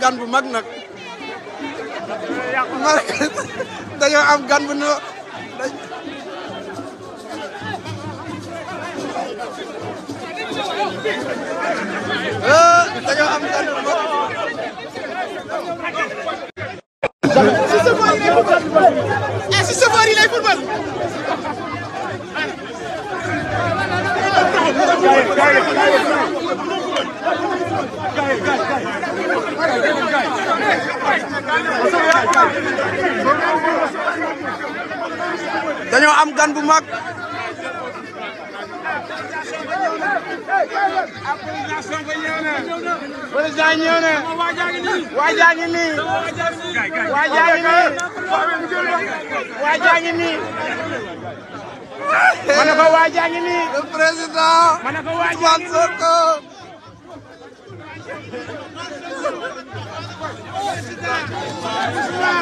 am bu mag nag am gan eh, si safar lay football eh dañoo am gan bu mag président ñëw na waajaa ngi nii waajaa ngi ma ne ko waajaa ma ne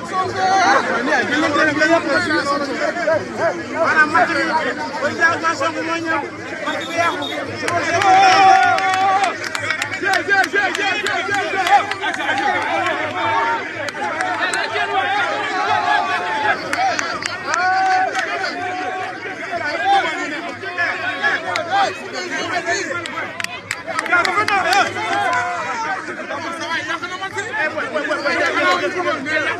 maanaam match bi président Sonko moo ñëw match bi yàqu. Yeah.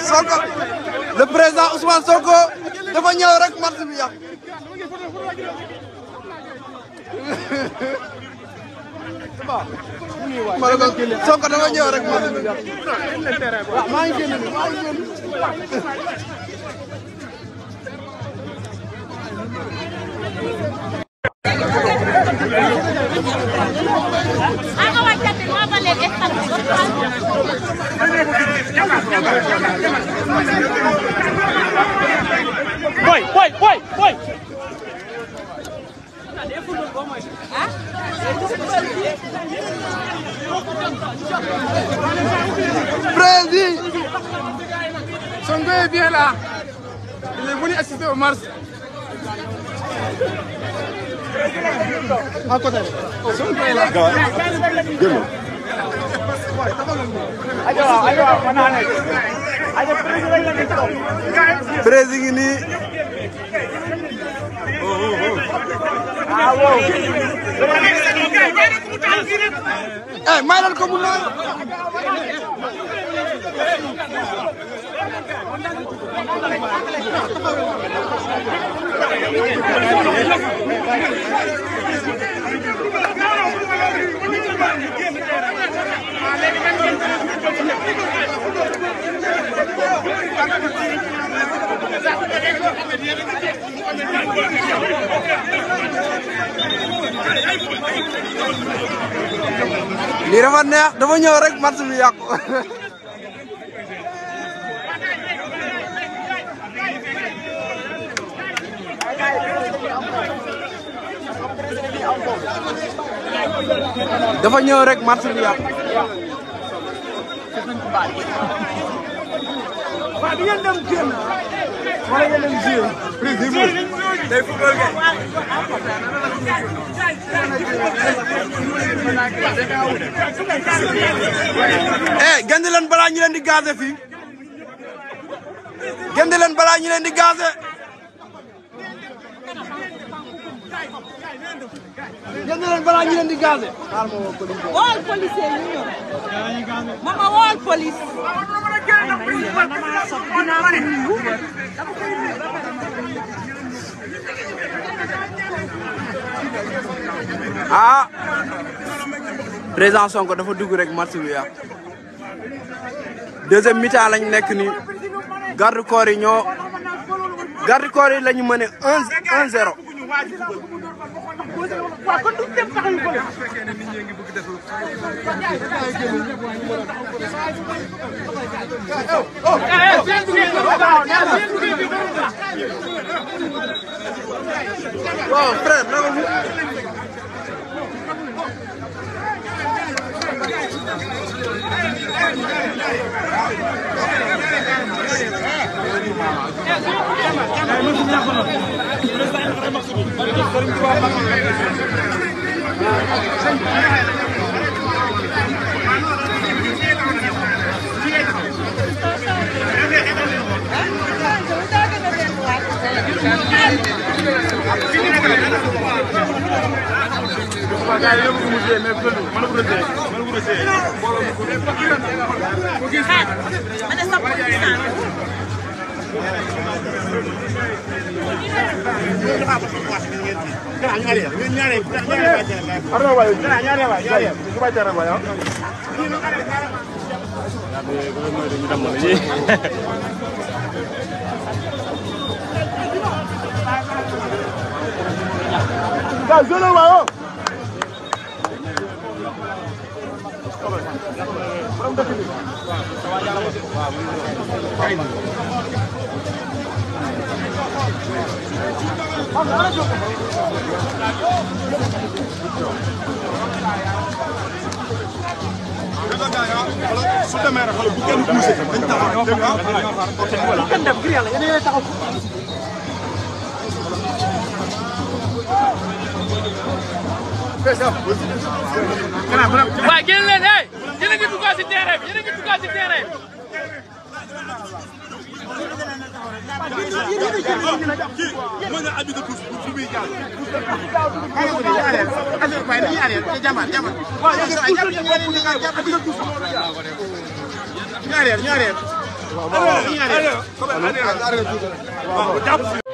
Sonko le président Ousmane Sonko dafa ñëw rek marche bi yàq ma ne ko Sonko dama ñëw rek ma maa ngi génn maa ngi génn Boy, boy, boy, boy! Président Sonko est bien là. Il est venu assister au marche. À côté. Sonko eh ko lii dafa neex dafa ñëw rek match bi yàqu. dafa ñëw rek match bi yàqu. waaw di ngeen dem génn wala ngeen dem day football kay. eh gënd leen balaa ñu leen di gazé fii gënd leen balaa ñu leen di gazé. gënd di gazé. ah président Sonko dafa dugg rek match bi yàq deuxième mi-temps nekk ni garde corps yi ñoo garde corps yi mëne un un zéro waaw frère naka mu. Thank you. gars yi mu mujjee mais gëlu mën na ko rëddee mën na ko rëddee mbooloo mi Gazelo maior! su demee rek xoolal bu kenn poussé dañ taxaw dégg nga bu kenn dem ngir yàlla yéen a taxaw Waaw, génn leen eh! duggaat si terrain bi yéen a ngi duggaat si terrain bi. mën nga habité pour pour muy gaaw. waaye dañuy arrêté te jàmbaar jàmbaar. waaw yéen a ngi doon ñu arrêté ñu arrêté